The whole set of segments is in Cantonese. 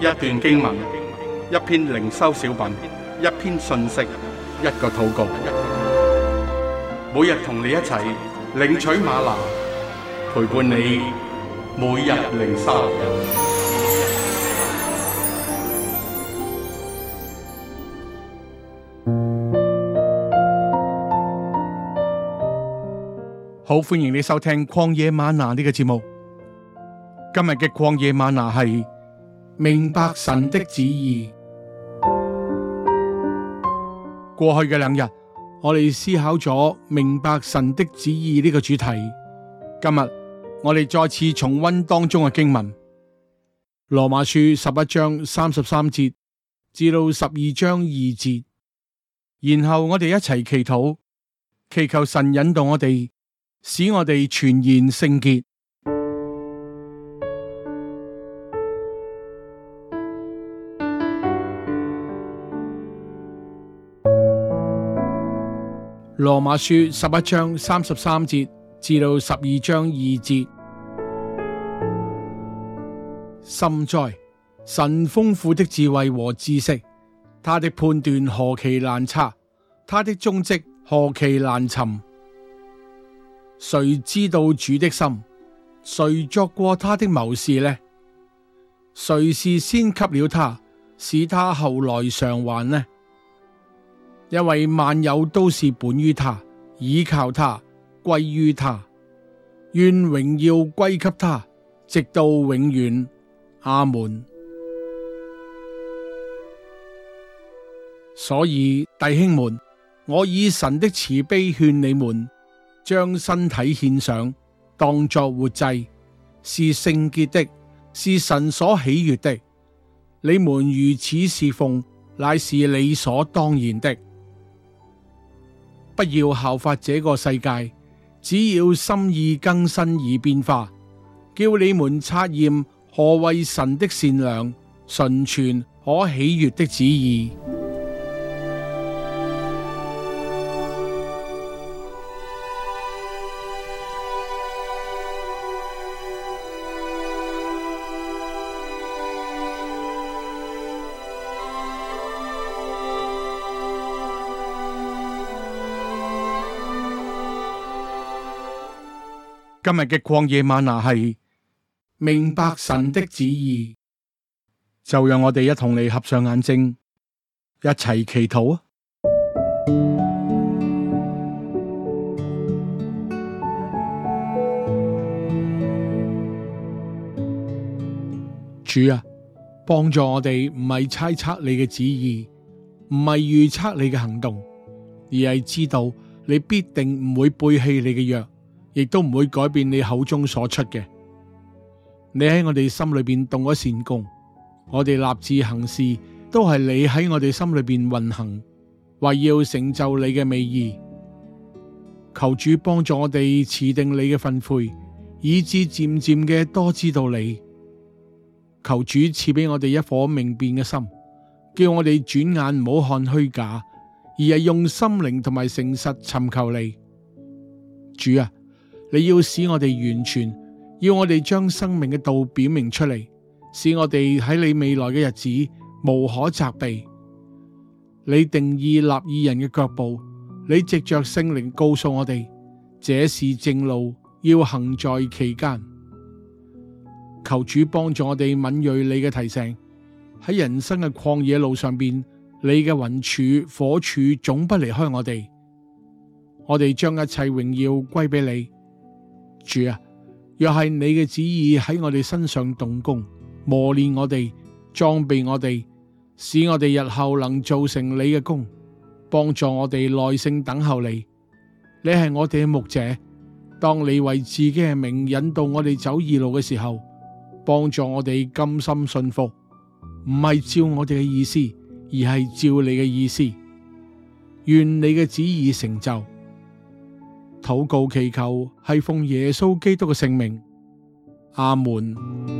一段經文，一篇靈修小品，一篇信息，一個禱告。每日同你一齊領取嗎哪，陪伴你每日靈修。好，歡迎你收聽《曠野嗎哪》呢個節目。今日嘅《曠野嗎哪》係。明白神的旨意。過去嘅兩日，我哋思考咗明白神的旨意呢個主題。今日我哋再次重溫當中嘅經文，《羅馬書》十一章三十三節至到十二章二節。然後我哋一齊祈禱，祈求神引導我哋，使我哋全然聖潔。羅馬書十一章三十三節至到十二章二節，深哉！神豐富的智慧和知識，他的判斷何其難測，他的蹤跡何其難尋。誰知道主的心？誰作過他的謀士呢？誰是先給了他，使他後來償還呢？因為萬有都是本於他，倚靠他，歸於他，願榮耀歸給他，直到永遠。阿門。所以弟兄們，我以神的慈悲勸你們，將身體獻上，當作活祭，是聖潔的，是神所喜悦的。你們如此侍奉，乃是理所當然的。不要效法這個世界，只要心意更新而變化，叫你們察驗何為神的善良、純全、可喜悅的旨意。今日嘅曠野嗎哪係明白神的旨意，就讓我哋一同你合上眼睛，一齊祈禱啊！主啊，幫助我哋，唔係猜測你嘅旨意，唔係預測你嘅行動，而係知道你必定唔會背棄你嘅約。亦都唔會改變你口中所出嘅。你喺我哋心裏邊動咗善工，我哋立志行事都係你喺我哋心裏邊運行，為要成就你嘅美意。求主幫助我哋持定你嘅訓誨，以致漸漸嘅多知道你。求主賜俾我哋一顆明辨嘅心，叫我哋轉眼唔好看虛假，而係用心靈同埋誠實尋求你。主啊！你要使我哋完全，要我哋將生命嘅道表明出嚟，使我哋喺你未來嘅日子無可責備。你定義立意人嘅腳步，你藉着聖靈告訴我哋，這是正路，要行在其間。求主幫助我哋敏銳你嘅提醒，喺人生嘅曠野路上邊，你嘅雲柱火柱總不離開我哋。我哋將一切榮耀歸俾你。主啊，若係你嘅旨意喺我哋身上動工，磨練我哋，裝備我哋，使我哋日後能做成你嘅功，幫助我哋耐性等候你。你係我哋嘅牧者，當你為自己嘅名引導我哋走義路嘅時候，幫助我哋甘心信服，唔係照我哋嘅意思，而係照你嘅意思。願你嘅旨意成就。禱告祈求係奉耶穌基督嘅聖名，阿門。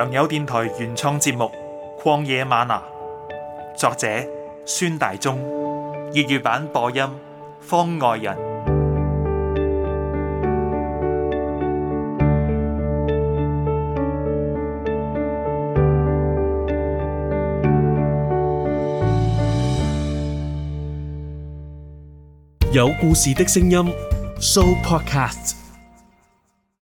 良友電台原創節目《曠野嗎哪》，作者孫大中，粵語版播音方外人，有故事的聲音 Show Podcast。